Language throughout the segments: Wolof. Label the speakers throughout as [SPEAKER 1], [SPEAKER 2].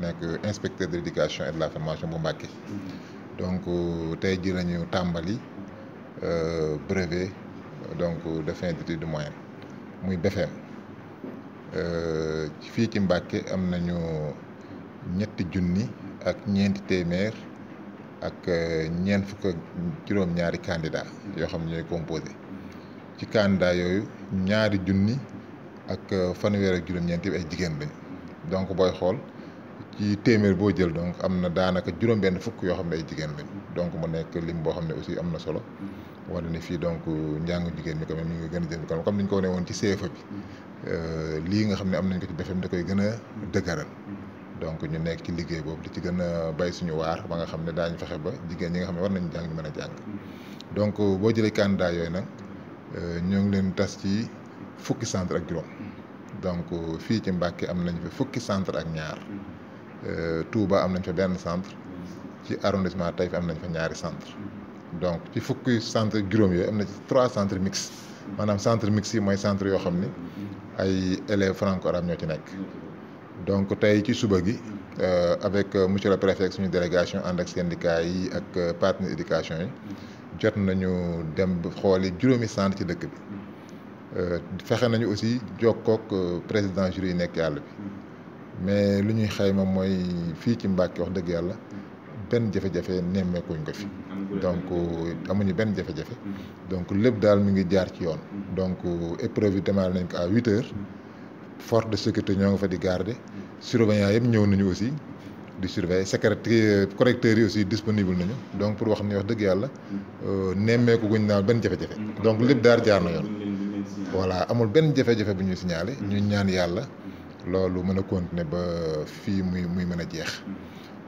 [SPEAKER 1] nekk inspecteur de l'éducation et de la formation bu Mbacké donc euh, tey ji lañu tàmbali euh, brevet donc defin de fin de moyennes muy BFEM euh, fii ci Mbacké am nañu ñetti junni ak ñeenti téeméer ak ñeent fukk ak juróom-ñaari candidat yoo xam ne ñooy composé ci candidat yooyu ñaari junni ak fanweer ak juróom-ñeent bi ay jigéen lañu donc booy xool ci téeméer boo jël donc am na daanaka juróom-benn fukk yoo xam ne ay jigéen lañ donc mu nekk lim boo xam ne aussi am na solo wala ne fii donc njàngu jigéen ñi quand même mi ngi gën a jëm kanam comme ni ñu ko wane woon e euh, lii nga xam ne am nañ ko da koy gën a dëgëral donc ñu nekk ci liggéey boobu di ci gën a bay suñu waar ba nga xam ne daañu fexe ba jigéen ñi nga xam ne war nañu jàng ñu mën a jàng donc boo jëlee candidat yooyu nag euh, ñoo ngi leen tas ci fukki centre ak juróom donc fii ci Mbàkke am nañ fi fukki centre ak ñaar Euh, Touba am nañ fa benn centre ci arrondissement Taïf am nañ fa ñaari centre donc ci fukki centre juróom yooyu am na ci trois centres mixtes maanaam centre mixte yi mooy centre yoo xam ni ay élèves franco arabe ñoo ci nekk donc tey ci suba gi euh, avec euh, monsieur le préfet ak suñu délégation ànd ak syndicat yi ak partenaires éducation yi jot nañu dem xooli juróomi centre ci dëkk bi fexe nañu aussi jokkook président jury yi nekk yàlla bi mais lu ñuy xayma mooy fii ci Mbàkke wax dëgg yàlla benn jafe-jafe nemmeekuñ ko fi donc euh, amuñu benn jafe-jafe donc lépp daal mi ngi jaar ci yoon donc euh, épreuve yi démarré nañ huit heures de sécurité ñoo fa di garder surveillant yëpp ñëw nañu aussi di surveiller secrétaire euh, correcteurs yi aussi disponible nañu donc pour wax ni wax dëgg yàlla nemmeeku guñ naa benn jafe donc lépp daal jaar na yoon voilà amul benn jafe-jafe bu ñuy signalé ñu ñaan yàlla loolu mën a continuer ba fii muy muy mën a jeex.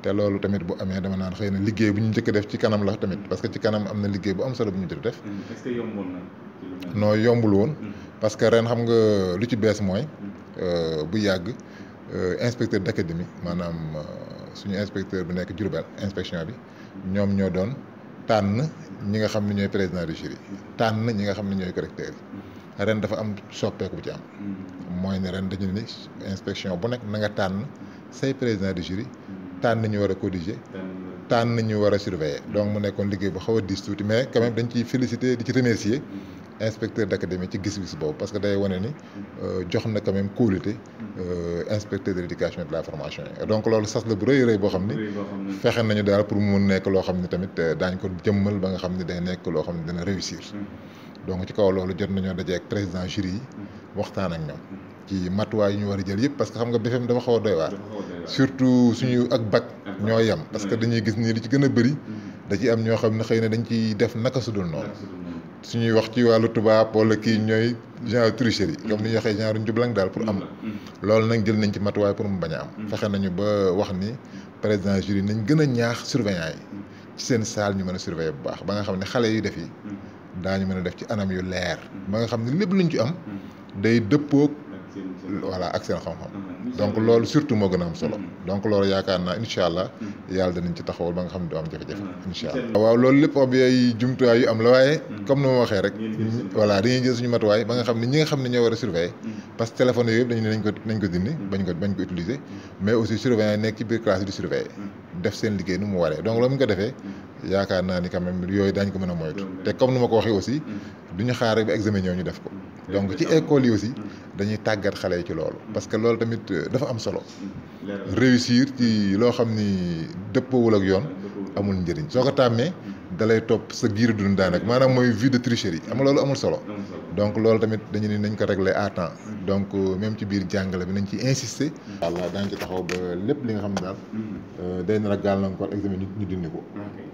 [SPEAKER 1] te loolu tamit bu amee dama naan xëy na liggéey bu ñu njëkk def ci kanam la tamit parce que ci kanam am na liggéey bu am solo bu ñu jot def. noo mm, ce yombul woon. Mm. parce que ren xam nga lu ci bees mooy. Mm. Euh, bu yàgg euh, inspecteur d'académie maanaam euh, suñu inspecteur bu nekk Diourbel inspection bi ñoom ñoo doon tànn ñi nga xam ne ñooy président de jury tànn ñi nga xam ne ñooy correcteur yi ren dafa am soppeeku bu ci am. mooy ne ren dañu ni inspection bu nekk na nga tànn say président de jury tànn ñu war a corriger tànn ñu war a surveiller donc mu nekkoon liggéey bu xaw a diis tuuti mais quand dañ ciy féliciter di ci remercier inspecteur d'académie ci gis-gis boobu parce que day wane ni euh, jox na quand même qualité euh, inspecteur de l'éducation et de la formation yi donc loolu sas la bu rëy rëy boo xam ni fexe nañu daal pour mu nekk loo xam ni tamit euh, daañ ko jëmmal ba nga xam ni day nekk loo xam ni dana réussir mm. donc ci kaw loolu jot nañoo daje ak président jury mm. waxtaan ak ci matuwaay yu ñu war a jël yëpp parce que xam nga BFM dafa xaw a doy waar surtout suñu ak bac ñoo yem parce que dañuy gis nii li ci gën a bëri mm-hmm. da ci am ñoo xam ne xëy na dañu ciy def naka su dul noonu suñuy wax ci wàllu tubaab wala kii mm-hmm. ñooy genre tricherie yi comme ni ñu waxee genre mm-hmm. njublang daal pour am loolu nag jël nañ ci matuwaay pour mu bañ a am fexe nañu ba wax ni président jury nañ gën a ñaax surveillant yi ci seen salle ñu mën a surveiller bu baax ba nga xam ne xale yu def yi daañu mën a def ci anam yu leer ba nga xam ne lépp luñ ci am day dëppook voilà ak seen xam-xam mm-hmm. Mm-hmm. donc loolu surtout moo gën a am solo mm-hmm. donc loolu yaakaar naa incha allah yàlla danañ ci taxawal ba nga xam ne du loolu lépp ab ay jumtuwaay yu am waxee rek voilà matuwaay ba nga xam ne ñi nga xam ne ñoo war a surveiller parce que téléphone yooyu yëpp dañu ne nañ ko nañ ko dindi bañ ko bañ ko utiliser mais aussi surveillant yi nekk ci biir classe yi di surveiller def seen liggéey nu mu waree donc loolu mu ko defee yaakaar naa ni quand yooyu daañ ko mën a moytu te comme ni ma ko waxee aussi du xaar rek ba examen ñëw ñu def ko donc ci école dañuy tàggat xale yi ci loolu. parce que loolu tamit euh, dafa am solo. réussir ci loo xam ni dëppoowul ak yoon. amul njëriñ soo ko tàmmee. da lay topp sa giir dund daanaka maanaam mooy vie de tricherie am loolu amul solo. donc loolu tamit dañu ne nañ ko régler à temps. donc euh, même ci biir jàngale bi nañ ci insister. allah mm. daañu ci taxaw ba lépp li nga xam ne daal. Mm. Euh, day na a gàllankoor examen ñu dindi ko.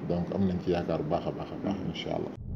[SPEAKER 1] donc am nañ ci yaakaar bu baax a baax a baax mm. incha allah.